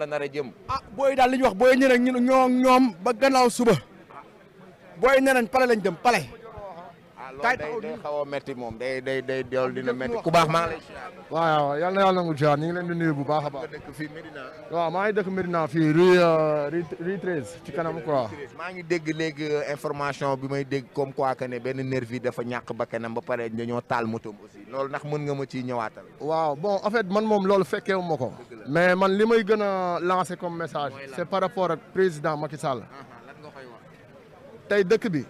la nar a jëm. ah booy daal li ñu wax booy ñeneen ñoo ñoom ba gannaaw suba booy ñeneen pale lañ jëm pale. kaay day xaw a métti moom day day day dool dina métti ku baax maa ngi lay ziar. waaw yal na ñu ngi leen di nuyu bu baax a baax. dëkk fii Medina. waaw maa ngi dëkk Medina fii rue euh, rue treize ci kanam quoi. maa ngi dégg léegi euh, information bi may dégg comme quoi que ne benn nervi dafa ñàkk ba kanam ba pare dañoo taal motom aussi loolu ndax mën nga ma ciy ñëwaatal. waaw bon en fait man moom loolu fekkee wu ma ko. mais man li may gën a lancer comme message. c'est par rapport ak président Macky Sall. Ah, ah, tey dëkk bi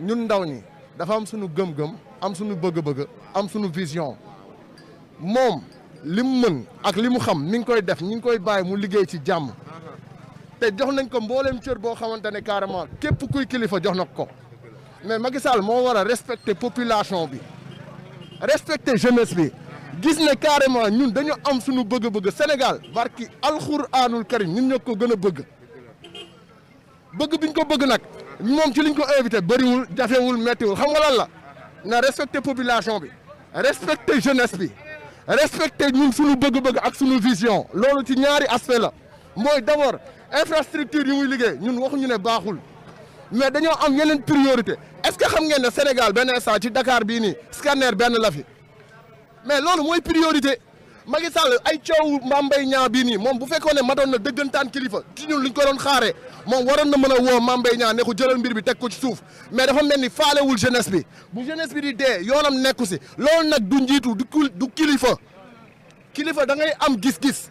ñun ndaw ñi dafa am suñu gëm-gëm am suñu bëgg-bëgg am suñu vision moom li mu mën ak li mu xam ni ngi koy def ñi ngi koy bàyyi mu liggéey ci jàmm te jox nañ ko mbooleem cër boo xamante ne carrément képp kuy kilifa jox nag ko mais Macky Sall moo war a respecter population bi respecter jeunesse bi gis ne carrément ñun dañu am suñu bëgg-bëgg Sénégal barki alxuraanul karim ñun ñoo ko gën a bëgg bëgg biñ ko bëgg nag moom ci liñ ko invité bëriwul jafewul méttiwul xam nga lan la na respecté population bi respecté jeunesse bi respecté ñun suñu bëgg-bëgg ak suñu vision loolu ci ñaari aspect la mooy d'abord infrastructure yi muy liggéey ñun waxuñu ne baaxul mais dañoo am yeneen priorité est-ce que xam ngeen ne Sénégal benn instant ci dakaar bii nii scanner benn lafi fi mais loolu mooy priorité Macky Sall ay coow Mame Mbaye Niang bii nii moom bu fekkoon ne matoon na dëggantaan kilifa ci ñun luñ ko doon xaare moom waroon na mën a woo Mame Mbaye Niang ne ko jëlal mbir bi teg ko ci suuf mais dafa mel ni faalewul jeunesse bi bu jeunesse bi di dee yoonam nekku si loolu nag du njiitu du kilifa kilifa da ngay am gis-gis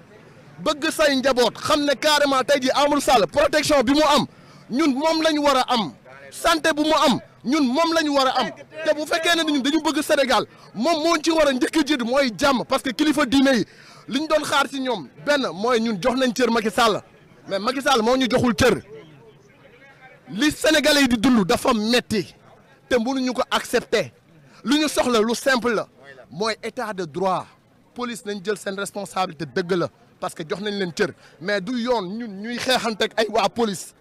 bëgg say njaboot xam ne carrément tey ji amul Sall protection bi mu am ñun moom lañ war a am santé bu mu am ñun moom la ñu war a am te bu fekkee ne ñun dañu bëgg Sénégal moom moo ci war a njëkk a mooy jàmm parce que kilifa diine yi li ñu doon xaar ci ñoom benn mooy ñun jox nañ cër Macky Sall mais Macky Sall moo ñu joxul cër li Sénégalais yi di dund dafa metti te ñu ko accepte lu ñu soxla lu simple la mooy état de droit police nañ jël seen responsabilité dëgg la parce que jox nañ leen cër mais du yoon ñun ñuy xeexante ay waa police.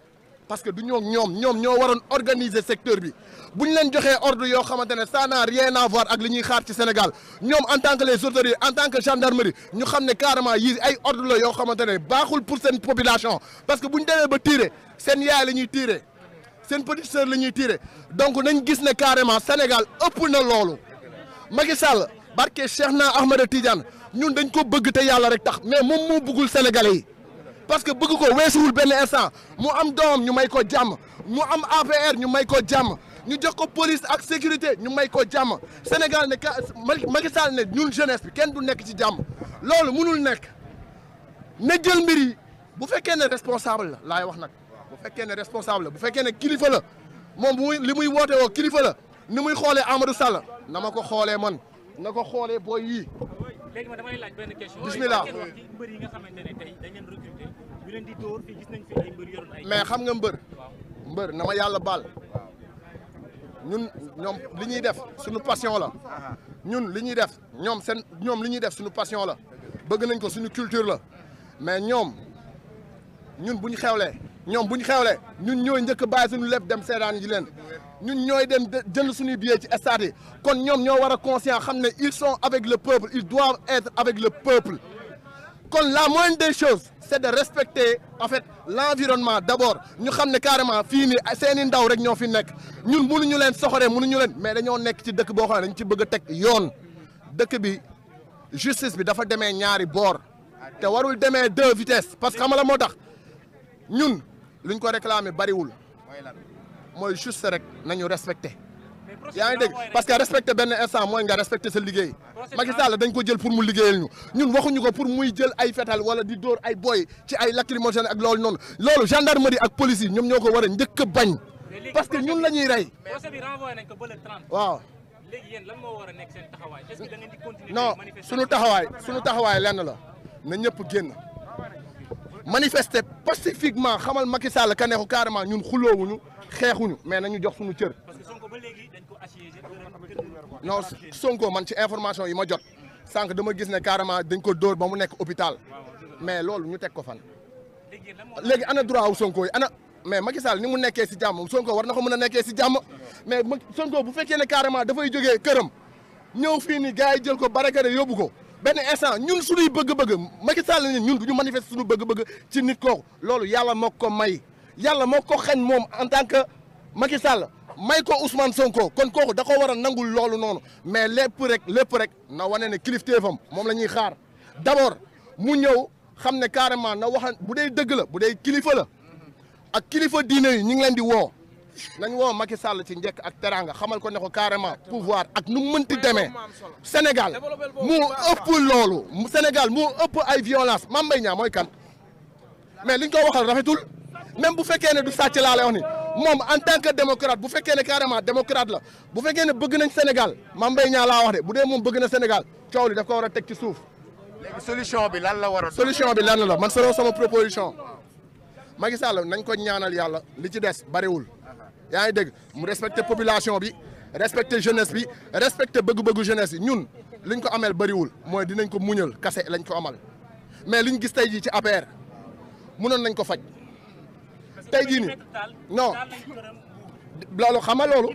parce que du ñoo ñoom ñoom ñoo waroon organiser secteur bi bu ñu leen joxee ordre yoo xamante ne ça n'a rien à ak li ñuy xaar ci Sénégal ñoom en tant que les autorités en tan que gendarmerie ñu xam ne carrément yii ay ordre la yoo xamante ne baaxul pour seen population parce que bu ñu demee ba tiire seen yaay la ñuy tiire seen petite sœur la ñuy tiire donc nañ gis ne carrément Sénégal ëpp na loolu Macky Sall barke Cheikhna Ahmed Tidiane ñun dañ ko bëgg te yàlla rek tax mais moom moo bëggul Sénégalais yi parce que bëgg ko weesuwul benn instant mu am doom ñu may ko jàmm mu am APR ñu may ko jàmm ñu jox ko police ak sécurité ñu may ko jàmm Sénégal ne ka Macky Sall ne ñun jeunesse bi kenn du nekk ci jàmm loolu mënul nekk na jël mbir bu fekkee ne responsable la laay wax nag bu fekkee ne responsable bu fekkee ne kilifa la moom bu li muy woote woo kilifa la ni muy xoolee Amadou Sall na ma ko xoolee man na ko xoolee booy yi léegi ma dama laaj benn question. bismillah wax ci yi nga xamante ne tey dañ leen di dóor fii nañ mais xam nga mbër. mbër na ma yàlla baal. ñun ñoom li ñuy def suñu passion la. ñun li ñuy def ñoom seen ñoom li ñuy def suñu passion la. bëgg nañ ko suñu culture la. mais ñoom ñun bu ñu xewlee. ñoom bu ñu xewlee ñun ñooy njëkk a bàyyi suñu lépp dem seetaan ji leen ñun ñooy dem jël suñuy billets ci kon ñoom ñoo war a conscient xam ne ils sont avec le peuple ils doivent être avec le peuple kon la moindre des choses c' est de respecter en fait l' environnement d' abord ñu xam ne carrément fii nii seeni ndaw rek ñoo fi nekk ñun mënuñu leen soxoree mënuñu leen mais dañoo nekk ci dëkk boo xam ne dañ ci bëgg a teg yoon dëkk bi justice bi dafa demee ñaari boor te warul demee deux vitesses parce que xam la moo tax ñun luñ ko réclamer bariwul mooy juste rek nañu respecté yaa ngi dégg parce que respecté benn instant mooy nga respecté sa liggéey Macky dañ ko jël pour mu liggéeyal ñu ñun waxuñu ko pour muy jël ay fetal wala di dóor ay boy ci ay lacrymogène ak lool noonu loolu gendarmerie ak police yi ñoom ñoo ko war a njëkk a parce que ñun la ñuy rey waaw léegi yéen lan moo war a nekk seen taxawaay est-ce que da suñu taxawaay suñu taxawaay la na ñëpp génn manifester pacifiquement xamal Macky Sall ka neexu carrément ñun xuloowuñu xeexuñu na ñu jox suñu cër. parce que Sonko ba léegi dañ ko man ci information yi ma jot sànq dama gis ne carrément dañ ko dóor ba mu nekk hôpital mais loolu ñu teg ko fan. léegi ana droit aw Sonko yi ana mais Macky Sall ni mu nekkee si jàmm Sonko war na ko mën a nekkee si jàmm mais Sonko bu fekkee ne carrément dafay jógee këram ñëw fii ni gars yi jël ko barricade yóbbu ko. benn instant ñun suñuy bëgg-bëgg Macky Sall ne ñun du ñu manifester suñu bëgg-bëgg ci nit kooku loolu yàlla moo ko may yàlla moo ko xañ moom en tant que Macky Sall may ko Ousmane Sonko kon kooku da ko war a nangul loolu noonu mais lépp rek lépp rek na wane ne kilifteefam moom la ñuy xaar d'abord mu ñëw xam ne carrément na wax bu dee dëgg la bu dee kilifa la ak kilifa diine yi ñu ngi leen di woo. nañ woo Macky Sall ci njëkk ak teranga xamal ko ne ko carrément pouvoir ak nu mënti demee Sénégal moo ëpp loolu Sénégal moo ëpp ay violence Mame Mbaye mooy kan mais liñ ko waxal rafetul même bu fekkee ne du sàcc laa lay wax en tant que démocrate bu fekkee ne carrément démocrate la bu fekkee ne bëgg nañ Sénégal Mame Mbaye Niang laa wax de bu dee moom bëgg na Sénégal coow li daf ko war a teg ci suuf. solution bi lan la war a. solution bi lan la man selon sama proposition Macky Sall nañ ko ñaanal yàlla li ci des bariwul. yaa ngi dégg mu respecté population bi respecte jeunesse bi respecté bëgg-bëggu jeunesse bi ñun liñ ko ameel bariwul mooy dinañ ko muñal kase lañ ko amal mais liñ gis tey jii ci APR mënoon nañ ko faj tey jii nii non loolu xam nga loolu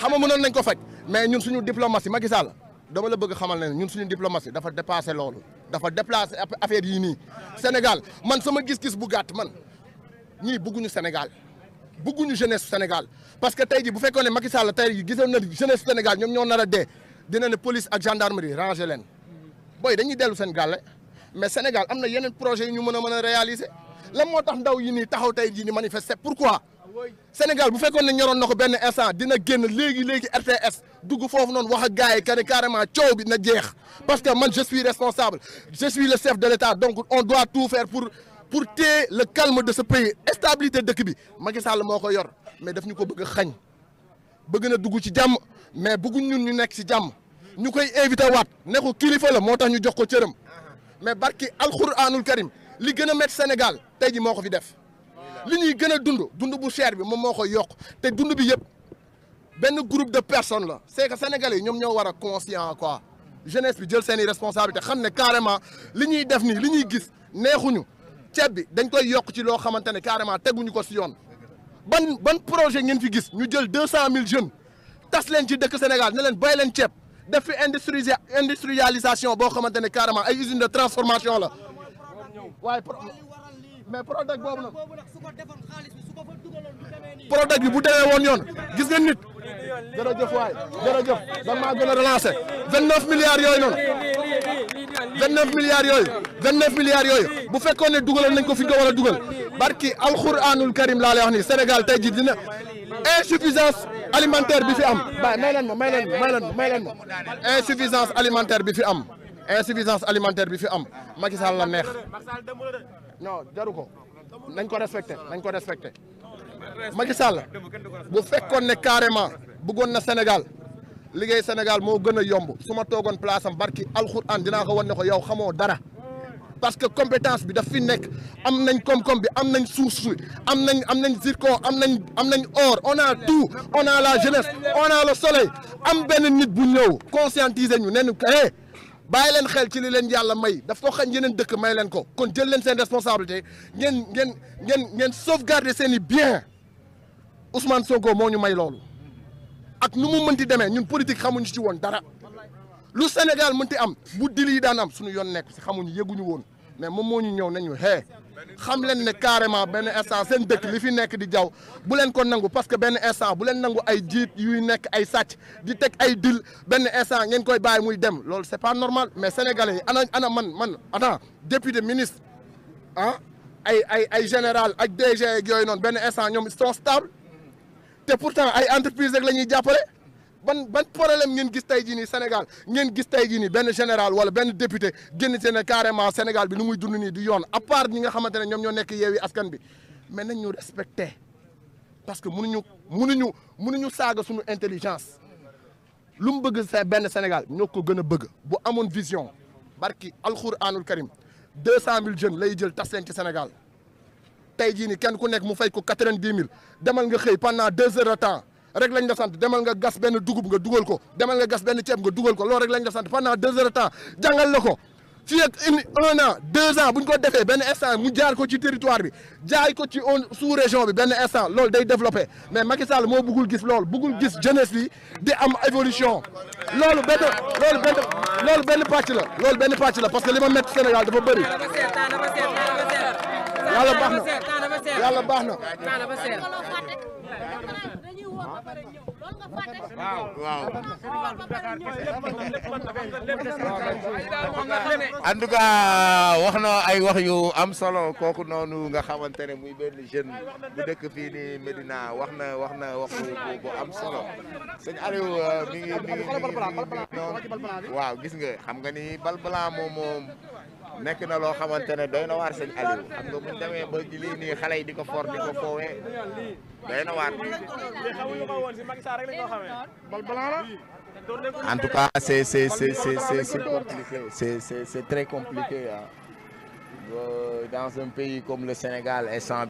xam nga mënoon nañ ko faj mais ñun suñu diplomatie ma Sall dama la bëgg xamal ne ñun suñu diplomatie dafa dépassé loolu dafa déplacé affaire yii nii Sénégal man ma gis-gis bu gàtt man ñii bëgguñu Sénégal bëgguñu jeunesse Sénégal parce que tey ji bu fekkoon ne Macky Sall tey ji gisoon na jeunesse Sénégal ñoom ñoo nar a dee dina ne police ak gendarmerie ranger leen booy dañuy dellu seen gàlle mais Sénégal am na yeneen projet yi ñu mën a mën a réaliser lan moo tax ndaw yi nii taxaw tey jii ni manifester pourquoi Sénégal bu fekkoon ne ñoroon na ko benn instant dina génn léegi léegi RTS dugg foofu noonu wax ak gars yi que coow bi na jeex parce que man je suis responsable je on doit tout faire pour pour te le calme de ce pays estabilité dëkk bi Macky Sall moo ko yor mais def ñu ko bëgg xañ bëgg na dugg ci jàmm mais bëgguñ ñun ñu nekk ci jàmm ñu koy invité waat ne ko kilifa la moo tax ñu jox ko cëram mais barki alxuraanul karim li gën a métti Sénégal tey ji moo ko fi def li ñuy gën a dund dund bu cher bi moom moo koy yokk te dund bi yëpp benn groupe de personnes la c'est que sénégalais yi ñoom ñoo war a conscient quoi jeunesse bi jël seen i responsabilité xam ne carrément li ñuy def nii li ñuy gis neexuñu ceeb bi dañ koy yokk ci loo xamante ne carrément teguñu ko si yoon ban ban projet ngeen fi gis ñu jël deux cent mille jeunes tas leen ci dëkk Sénégal ne leen bay leen ceeb def fi industri industrialisation boo xamante ne carrément ay usine de transformation la waaye mais projet boobu nag Prodac bi bu demee woon yoon gis nga nit jërëjëf waay jërëjëf da maa gën a relancé vingt neuf milliards yooyu noonu vingt neuf milliards yooyu vingt neuf milliards yooyu bu fekkoon ne dugaloon nañ ko fi ñu ko war a dugal barki alxuraanul karim laa lay wax ni Sénégal tey jii dina insuffisance alimentaire bi fi am ba may leen ma may leen ma may leen ma may leen ma insuffisance alimentaire bi fi am insuffisance alimentaire bi fi am Macky Sall la neex non jaru ko nañ ko respecté nañ ko respecté Macky Sall bu fekkoon ne carrément bëggoon na Sénégal liggéey Sénégal moo gën a yomb su ma toogoon place am barki alxuraan dinaa ko wan ne ko yow xamoo dara parce que compétence bi daf fi nekk am nañ koom-koom bi am nañ suuf am nañ am nañ zircon am nañ am nañ or on a tout on a la jeunesse on a le soleil am benn nit bu ñëw conscientiser ñu ne ñu eh bàyyi leen xeel ci li leen yàlla may daf ko xañ yeneen dëkk may leen ko kon jël leen seen responsabilité ngeen ngeen ngeen ngeen sauvegarder seen i bien Ousmane Sonko moo ñu may loolu ak nu mu mënti demee ñun politique xamuñu ci woon dara lu Sénégal mënti am bu dili yi daan am suñu yoon nekk si xamuñu yëguñu woon mais moom moo ñu ñëw nañu xee xam leen ne carrément benn instant seen dëkk li fi nekk di jaw bu leen ko nangu parce que benn instant bu leen nangu ay jiit yu nekk ay sac di teg ay dil benn instant ngeen koy bàyyi muy dem lool c'est pas normal mais sénégalais yi ana ana man man ana député ministre ah ay ay ay général ak DG benn instant ñoom ils sont te pourtant ay entreprise rek la ñuy jàppale ban ban problème ngeen gis tey jii nii Sénégal ngeen gis tey jii nii benn général wala benn député génn ci ne carrément Sénégal bi lu muy dund di yoon à part ñi nga xamante ne ñoom ñoo nekk yeewi askan bi mais nañu ñu parce que mënuñu mënuñu ñu saaga suñu intelligence lu mu bëgg sa benn Sénégal ñoo ko gën a bëgg bu amoon vision barki alxuraanul karim deux cent mille jeunes lay jël tas seen ci Sénégal tey jii nii kenn ku nekk mu fey ko quatre-vingt-dix mille demal nga xëy pendant deux heures de temps rek lañ la sant demal nga gas benn dugub nga dugal ko demal nga gas benn ceeb nga dugal ko loolu rek lañ la sant pendant deux heures de temps jàngal la ko fii ak un an deux ans bu ñu ko defee benn instant mu jaar ko ci territoire bi jaay ko ci on sous région bi benn instant loolu day développé mais Macky Sall moo bëggul gis lool bëggul gis jeunesse bi di am évolution loolu benn loolu benn loolu la loolu benn pàcc la parce que li ma métti Sénégal dafa bëri yàlla baax na wax na ay wax yu am solo kooku noonu nga xamante muy benn jeune bu dëkk fii ni Medina wax na wax na wax bu am solo sëñ Aliou euh, mi ngi gis nga xam nga ni bal blanc moom nekk na loo xamante ne doy na waar sëñ Aliou xam nga buñ demee ba ci lii nii xale yi di ko for di ko foowee doy na waar. en tout cas c'est c'est c'est c'est c'est compliqué c'est c'est c'est très compliqué hein. Euh, dans un pays comme le Sénégal et sans